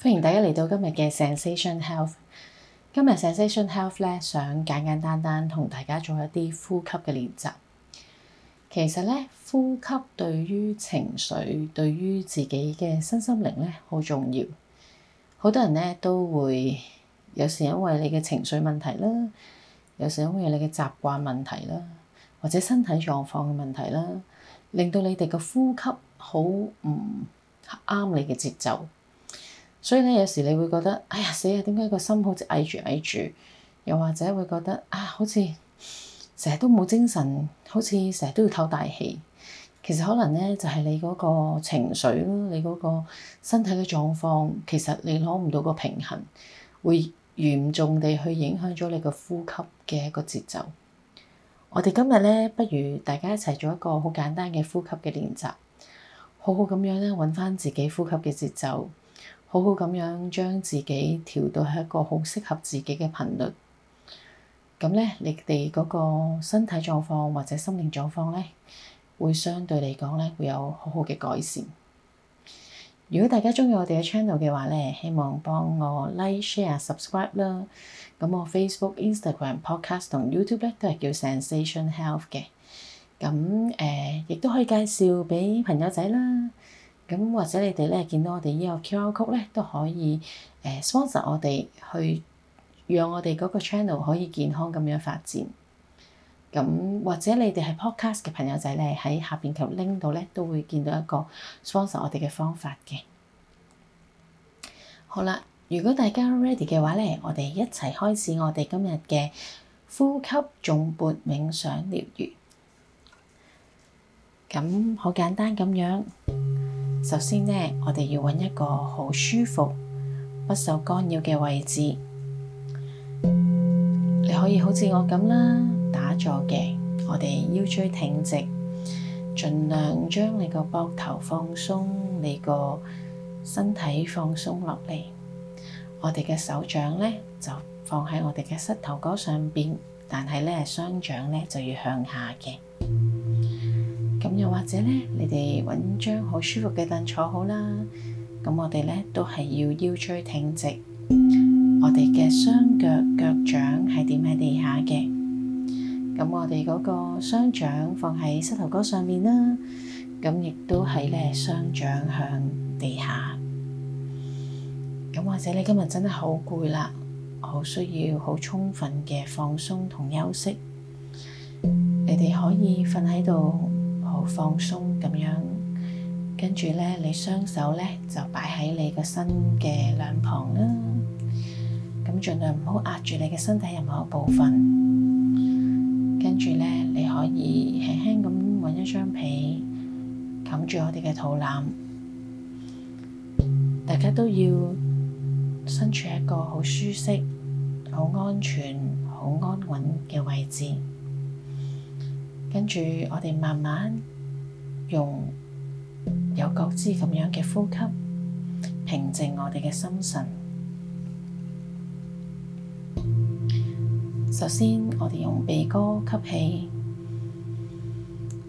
歡迎大家嚟到今日嘅 Zensation Health。今日 Zensation Health 咧，想簡簡單單同大家做一啲呼吸嘅練習。其實咧，呼吸對於情緒、對於自己嘅身心靈咧，好重要。好多人咧都會有，有時因為你嘅情緒問題啦，有時因為你嘅習慣問題啦，或者身體狀況嘅問題啦，令到你哋嘅呼吸好唔啱你嘅節奏。所以咧，有時你會覺得，哎呀死啊！點解個心好似翳住翳住？又或者會覺得啊，好似成日都冇精神，好似成日都要透大氣。其實可能咧，就係你嗰個情緒，你嗰個身體嘅狀況，其實你攞唔到個平衡，會嚴重地去影響咗你個呼吸嘅一個節奏。我哋今日咧，不如大家一齊做一個好簡單嘅呼吸嘅練習，好好咁樣咧，揾翻自己呼吸嘅節奏。好好咁樣將自己調到一個好適合自己嘅頻率，咁咧你哋嗰個身體狀況或者心靈狀況咧，會相對嚟講咧會有好好嘅改善。如果大家鍾意我哋嘅 channel 嘅話咧，希望幫我 like、share、subscribe 啦。咁我 Facebook、Instagram、Podcast 同 YouTube 咧都係叫 Zensation Health 嘅。咁誒，亦都可以介紹俾朋友仔啦。咁或者你哋咧見到我哋依個 QR Code 咧，都可以誒 sponsor、呃、我哋去讓我哋嗰個 channel 可以健康咁樣發展。咁或者你哋係 podcast 嘅朋友仔咧，喺下邊條 link 度咧都會見到一個 sponsor 我哋嘅方法嘅。好啦，如果大家 ready 嘅話咧，我哋一齊開始我哋今日嘅呼吸頌缽冥想療癒。咁好簡單咁樣。首先呢，我哋要揾一個好舒服、不受干擾嘅位置。你可以好似我咁啦，打坐嘅。我哋腰椎挺直，盡量將你個膊頭放鬆，你個身體放鬆落嚟。我哋嘅手掌呢，就放喺我哋嘅膝頭哥上邊，但係呢，雙掌呢，就要向下嘅。咁又或者咧，你哋揾張好舒服嘅凳坐好啦。咁我哋咧都係要腰椎挺直，我哋嘅雙腳腳掌係點喺地下嘅。咁我哋嗰個雙掌放喺膝頭哥上面啦。咁亦都係咧雙掌向地下。咁或者你今日真係好攰啦，好需要好充分嘅放鬆同休息。你哋可以瞓喺度。好放鬆咁樣，跟住咧，你雙手咧就擺喺你個身嘅兩旁啦。咁盡量唔好壓住你嘅身體任何一部分。跟住咧，你可以輕輕咁搵一張被，冚住我哋嘅肚腩。大家都要身處一個好舒適、好安全、好安穩嘅位置。跟住，我哋慢慢用有覺知咁樣嘅呼吸，平靜我哋嘅心神。首先，我哋用鼻哥吸氣，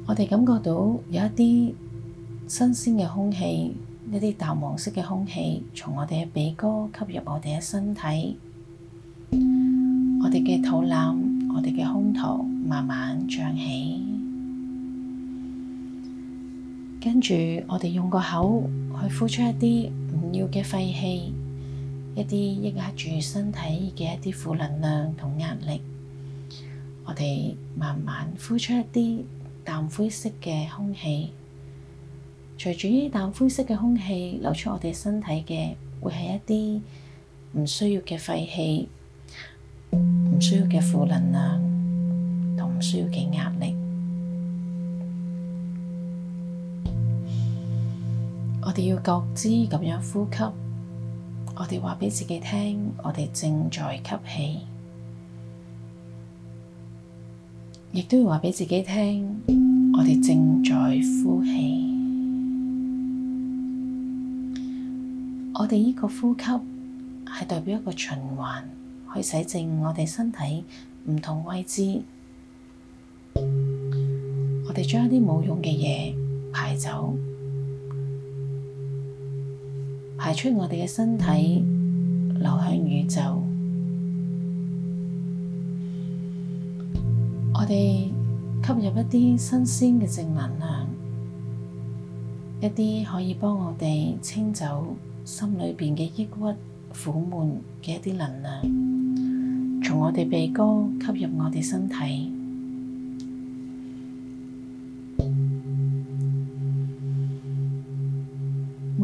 我哋感覺到有一啲新鮮嘅空氣，一啲淡黃色嘅空氣，從我哋嘅鼻哥吸入我哋嘅身體，我哋嘅肚腩，我哋嘅胸膛。慢慢脹起，跟住我哋用個口去呼出一啲唔要嘅廢氣，一啲抑壓住身體嘅一啲負能量同壓力，我哋慢慢呼出一啲淡灰色嘅空氣，隨住呢淡灰色嘅空氣流出我哋身體嘅，會係一啲唔需要嘅廢氣，唔需要嘅負能量。同唔需要嘅壓力，我哋要覺知咁樣呼吸。我哋話畀自己聽，我哋正在吸氣，亦都要話畀自己聽，我哋正在呼氣。我哋呢個呼吸係代表一個循環，可以洗淨我哋身體唔同位置。我哋將一啲冇用嘅嘢排走，排出我哋嘅身體，流向宇宙。我哋吸入一啲新鮮嘅正能量，一啲可以幫我哋清走心裏邊嘅抑鬱、苦悶嘅一啲能量，從我哋鼻哥吸入我哋身體。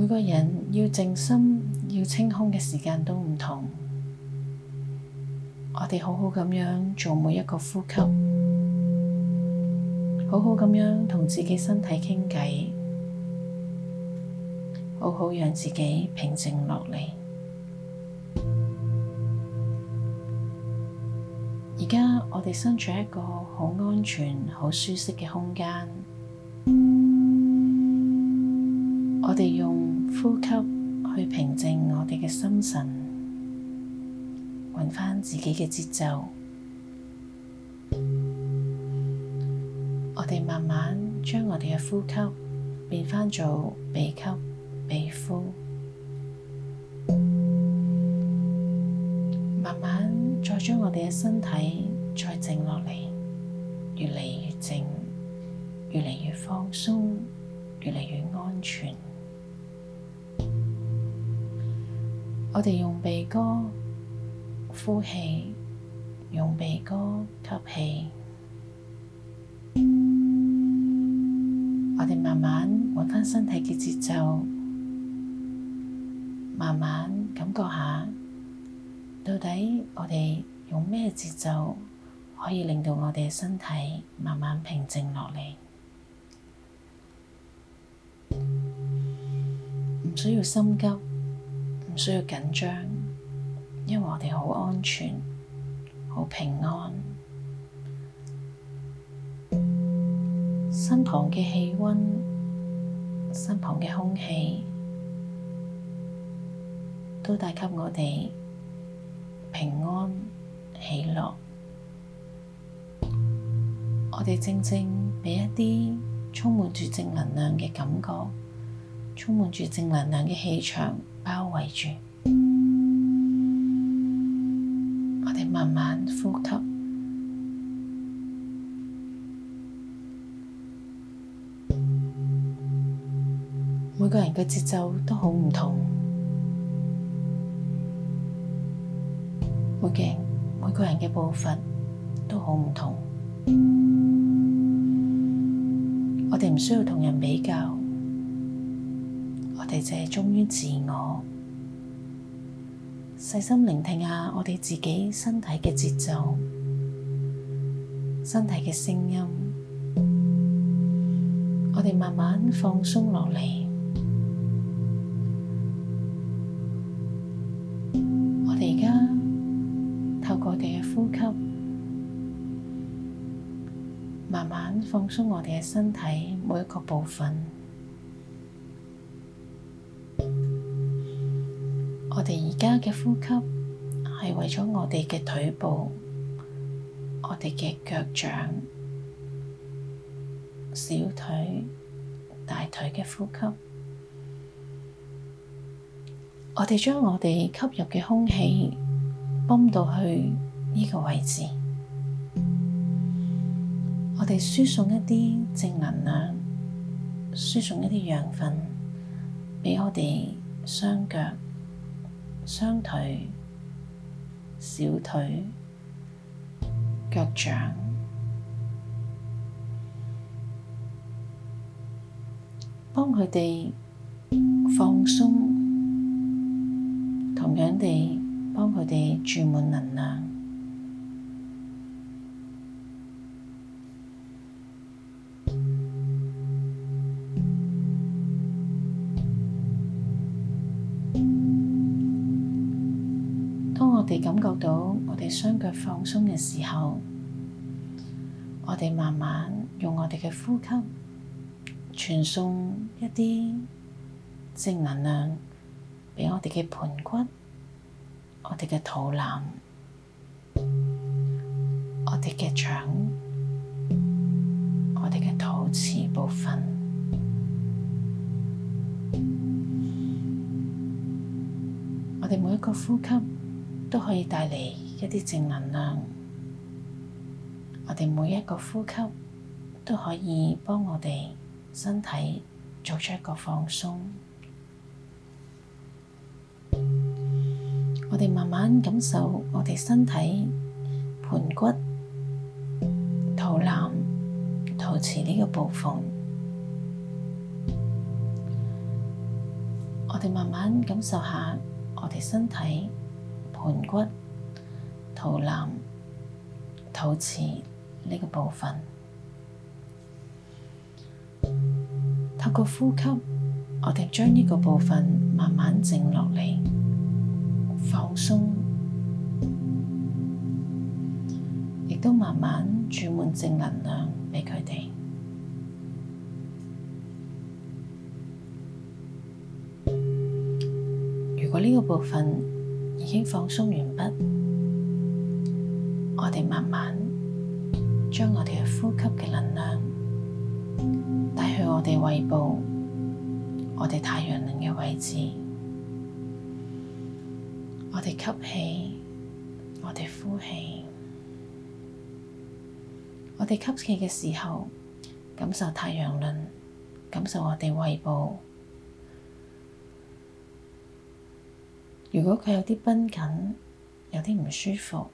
每個人要靜心、要清空嘅時間都唔同，我哋好好咁樣做每一個呼吸，好好咁樣同自己身體傾偈，好好讓自己平靜落嚟。而家我哋身處一個好安全、好舒適嘅空間。呼吸去平靜我哋嘅心神，搵翻自己嘅節奏。我哋慢慢將我哋嘅呼吸變翻做鼻吸鼻呼，慢慢再將我哋嘅身體再靜落嚟，越嚟越靜，越嚟越放鬆，越嚟越安全。我哋用鼻哥呼氣，用鼻哥吸氣。我哋慢慢搵返身體嘅節奏，慢慢感覺下，到底我哋用咩節奏可以令到我哋嘅身體慢慢平靜落嚟。唔、嗯、需要心急。唔需要緊張，因為我哋好安全、好平安。身旁嘅氣溫、身旁嘅空氣，都帶給我哋平安喜樂。我哋正正畀一啲充滿住正能量嘅感覺。充滿住正能量嘅氣場包圍住，我哋慢慢呼吸。每個人嘅節奏都好唔同，每個人，每個人嘅步伐都好唔同。我哋唔需要同人比較。我哋忠於自我，細心聆聽下我哋自己身體嘅節奏、身體嘅聲音，我哋慢慢放鬆落嚟。我哋而家透過我哋嘅呼吸，慢慢放鬆我哋嘅身體每一個部分。而家嘅呼吸係為咗我哋嘅腿部、我哋嘅腳掌、小腿、大腿嘅呼吸。我哋將我哋吸入嘅空氣泵到去呢個位置，我哋輸送一啲正能量，輸送一啲養分畀我哋雙腳。雙腿、小腿、腳掌，幫佢哋放鬆，同樣地幫佢哋注滿能量。感覺到我哋雙腳放鬆嘅時候，我哋慢慢用我哋嘅呼吸，傳送一啲正能量畀我哋嘅盆骨、我哋嘅肚腩、我哋嘅腸、我哋嘅肚臍部分，我哋每一個呼吸，都可以帶嚟一啲正能量。我哋每一個呼吸都可以幫我哋身體做出一個放鬆。我哋慢慢感受我哋身體盤骨、肚腩、肚臍呢個部分。我哋慢慢感受下我哋身體。盆骨、肚腩、肚臍呢個部分，透過呼吸，我哋將呢個部分慢慢靜落嚟、放鬆，亦都慢慢注滿正能量畀佢哋。如果呢個部分，已經放鬆完畢，我哋慢慢將我哋呼吸嘅能量帶去我哋胃部、我哋太陽輪嘅位置。我哋吸氣，我哋呼氣，我哋吸氣嘅時候感受太陽輪，感受我哋胃部。如果佢有啲繃緊，有啲唔舒服，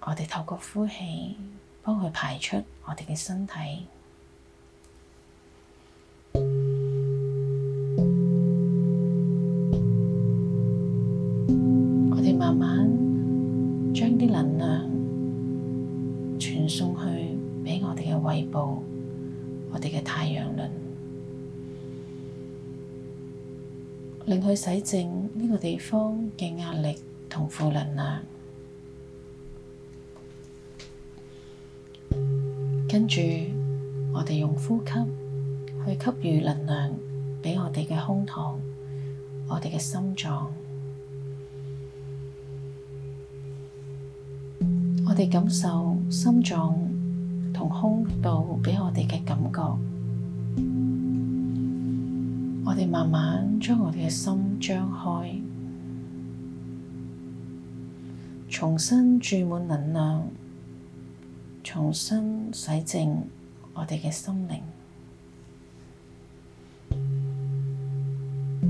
我哋透過呼氣幫佢排出我哋嘅身體。洗淨呢個地方嘅壓力同負能量，跟住我哋用呼吸去給予能量畀我哋嘅胸膛、我哋嘅心臟，我哋感受心臟同胸部畀我哋嘅感覺。我哋慢慢將我哋嘅心張開，重新注滿能量，重新洗淨我哋嘅心靈。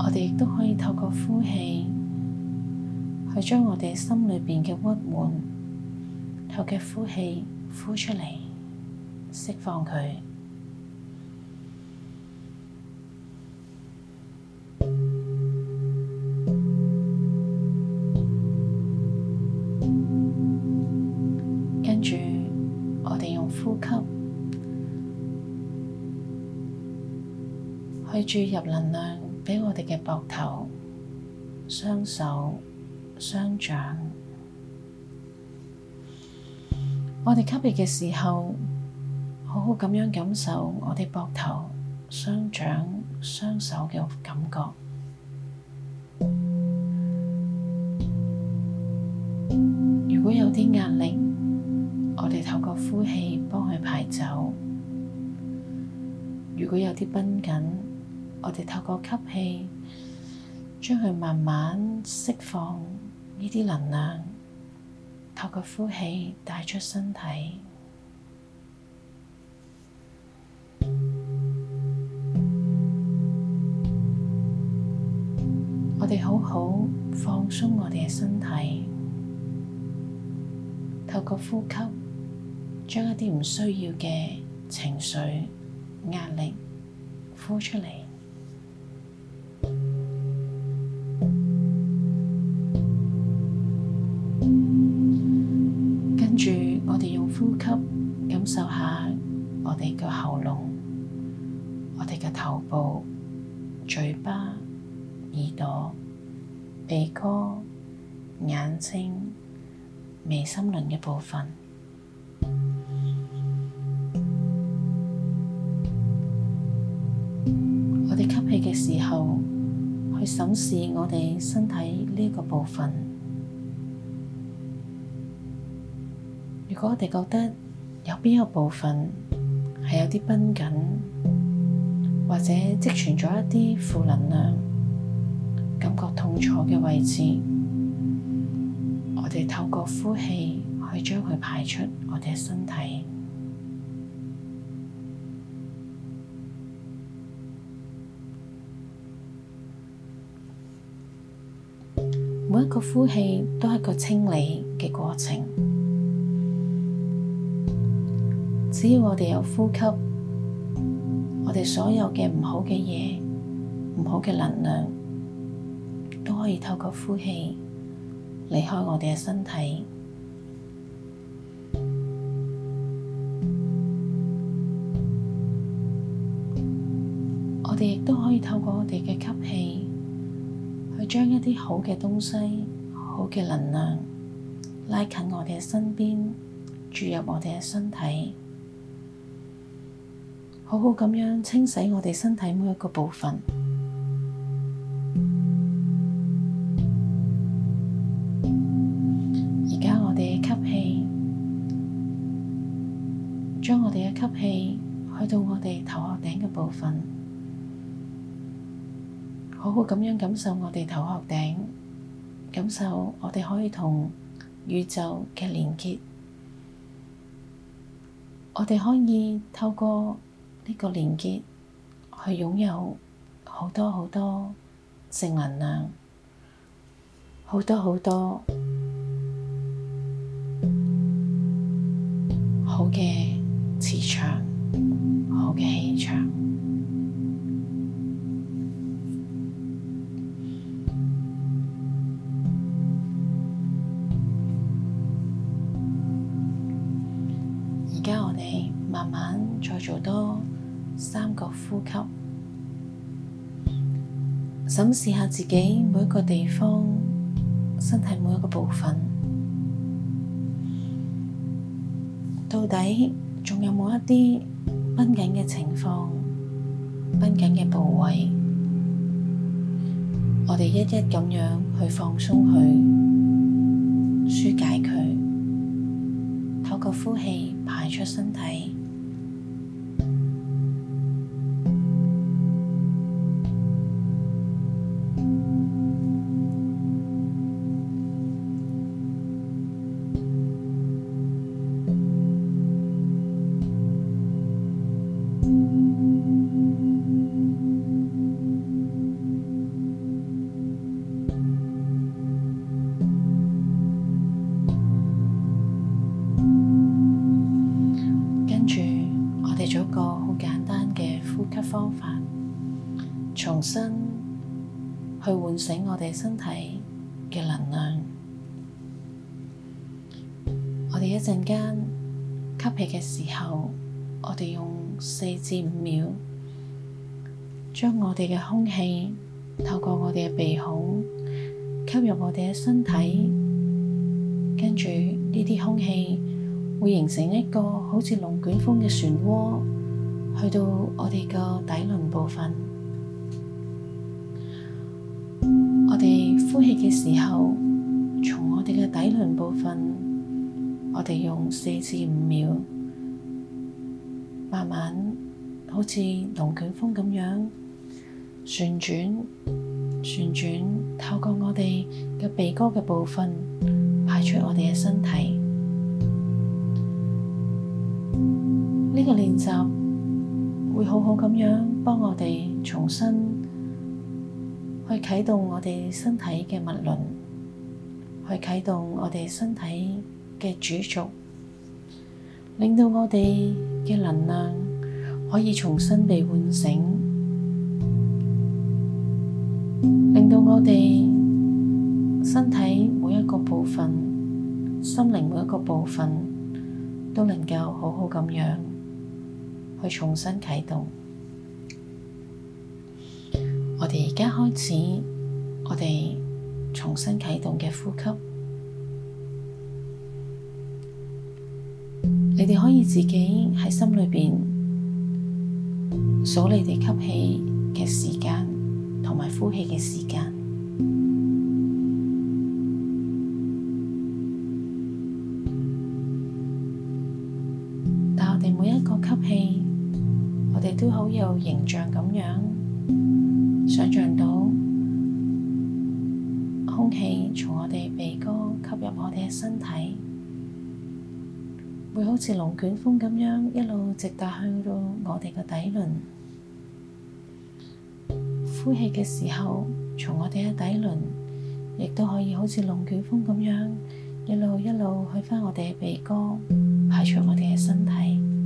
我哋亦都可以透過呼氣，去將我哋心裏邊嘅鬱悶透過呼氣呼出嚟。釋放佢，跟住我哋用呼吸去注入能量畀我哋嘅膊頭、雙手、雙掌，我哋吸氣嘅時候。好好咁樣感受我哋膊頭、雙掌、雙手嘅感覺。如果有啲壓力，我哋透過呼氣幫佢排走；如果有啲繃緊，我哋透過吸氣將佢慢慢釋放呢啲能量，透過呼氣帶出身體。鬆我哋嘅身體，透過呼吸將一啲唔需要嘅情緒壓力呼出嚟。跟住我哋用呼吸感受下我哋嘅喉嚨、我哋嘅頭部、嘴巴、耳朵。鼻哥、眼睛、眉心輪嘅部分，我哋吸氣嘅時候去審視我哋身體呢一個部分。如果我哋覺得有邊個部分係有啲繃緊，或者積存咗一啲負能量。坐嘅位置，我哋透過呼氣去將佢排出我哋嘅身體。每一個呼氣都係一個清理嘅過程。只要我哋有呼吸，我哋所有嘅唔好嘅嘢，唔好嘅能量。都可以透過呼氣離開我哋嘅身體， 我哋亦都可以透過我哋嘅吸氣，去將一啲好嘅東西、好嘅能量拉近我哋嘅身邊，注入我哋嘅身體，好好咁樣清洗我哋身體每一個部分。感受我哋頭殼頂，感受我哋可以同宇宙嘅連結，我哋可以透過呢個連結去擁有好多好多正能量，好多好多。試下自己每一個地方，身體每一個部分，到底仲有冇一啲繃緊嘅情況、繃緊嘅部位？我哋一一咁樣去放鬆它、去紓解佢，透過呼氣排出身體。方法重新去喚醒我哋身體嘅能量。我哋一陣間吸氣嘅時候，我哋用四至五秒，將我哋嘅空氣透過我哋嘅鼻孔吸入我哋嘅身體，跟住呢啲空氣會形成一個好似龍捲風嘅漩渦。去到我哋個底輪部分，我哋呼氣嘅時候，從我哋嘅底輪部分，我哋用四至五秒，慢慢好似龍捲風咁樣旋轉、旋轉，透過我哋嘅鼻哥嘅部分排出我哋嘅身體。呢個練習，會好好咁樣幫我哋重新去啟動我哋身體嘅脈輪，去啟動我哋身體嘅主軸，令到我哋嘅能量可以重新被喚醒，令到我哋身體每一個部分、心靈每一個部分都能夠好好咁樣。去重新啟動，我哋而家開始，我哋重新啟動嘅呼吸。你哋可以自己喺心裏邊數你哋吸氣嘅時間，同埋呼氣嘅時間。像咁樣，想象到空氣從我哋鼻哥吸入我哋嘅身體，會好似龍捲風咁樣一路直達去到我哋嘅底輪。呼氣嘅時候，從我哋嘅底輪，亦都可以好似龍捲風咁樣一路一路去返我哋嘅鼻哥，排出我哋嘅身體。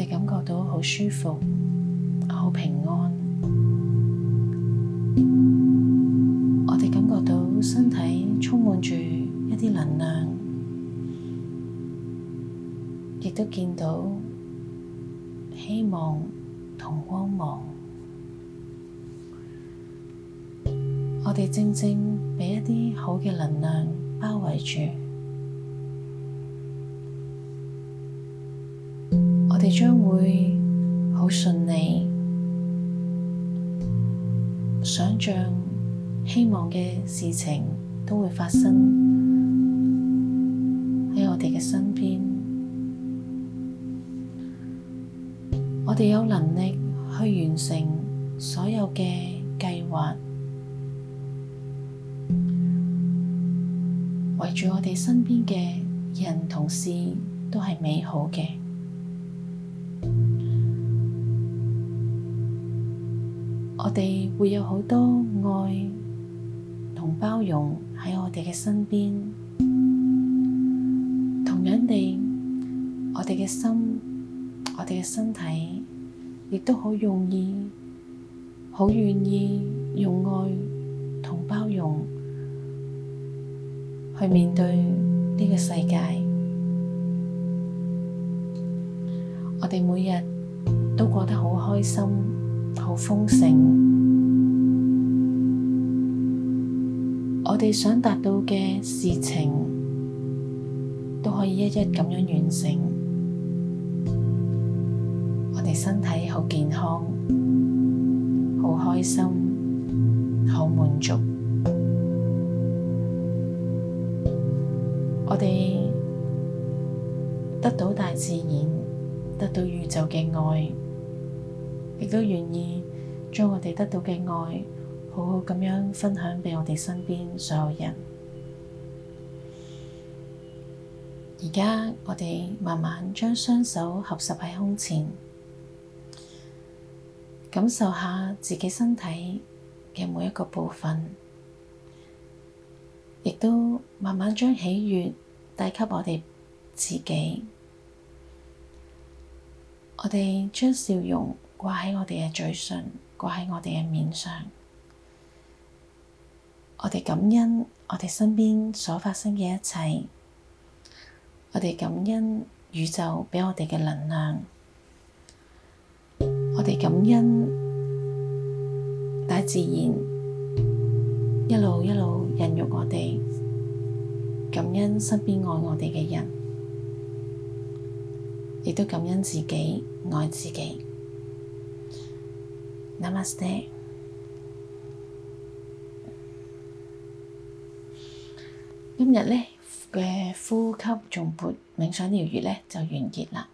我哋感覺到好舒服，好平安。我哋感覺到身體充滿住一啲能量，亦都見到希望同光芒。我哋正正畀一啲好嘅能量包圍住。你將會好順利，想象希望嘅事情都會發生喺我哋嘅身邊，我哋有能力去完成所有嘅計劃，圍住我哋身邊嘅人同事都係美好嘅。我哋會有好多愛同包容喺我哋嘅身邊，同樣地，我哋嘅心、我哋嘅身體，亦都好容易、好願意用愛同包容去面對呢個世界。我哋每日都過得好開心。好豐盛，我哋想達到嘅事情都可以一一咁樣完成。我哋身體好健康，好開心，好滿足。我哋得到大自然，得到宇宙嘅愛。亦都願意將我哋得到嘅愛，好好咁樣分享畀我哋身邊所有人。而家我哋慢慢將雙手合十喺胸前，感受下自己身體嘅每一個部分，亦都慢慢將喜悅帶給我哋自己。我哋將笑容，掛喺我哋嘅嘴唇，掛喺我哋嘅面上。我哋感恩我哋身邊所發生嘅一切，我哋感恩宇宙畀我哋嘅能量，我哋感恩大自然，一路一路孕育我哋，感恩身邊愛我哋嘅人，亦都感恩自己愛自己。Namaste. 今日咧嘅呼吸頌缽冥想療癒咧就完結啦。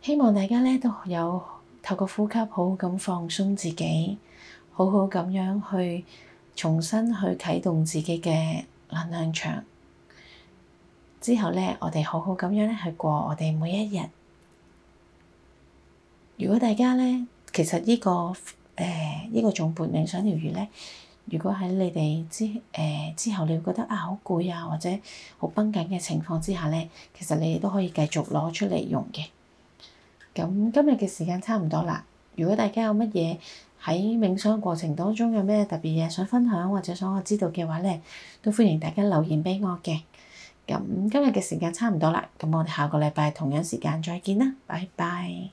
希望大家咧都有透過呼吸好好咁放鬆自己，好好咁樣去重新去啟動自己嘅能量場。之後咧，我哋好好咁樣咧去過我哋每一日。如果大家咧，其實呢、呢個誒呢、呃呢個頌缽冥想療癒咧，如果喺你哋之誒、呃、之後，你會覺得啊好攰啊，或者好繃緊嘅情況之下咧，其實你哋都可以繼續攞出嚟用嘅。咁今日嘅時間差唔多啦。如果大家有乜嘢喺冥想過程當中有咩特別嘢想分享，或者想我知道嘅話咧，都歡迎大家留言畀我嘅。咁今日嘅時間差唔多啦，咁我哋下個禮拜同樣時間再見啦，拜拜。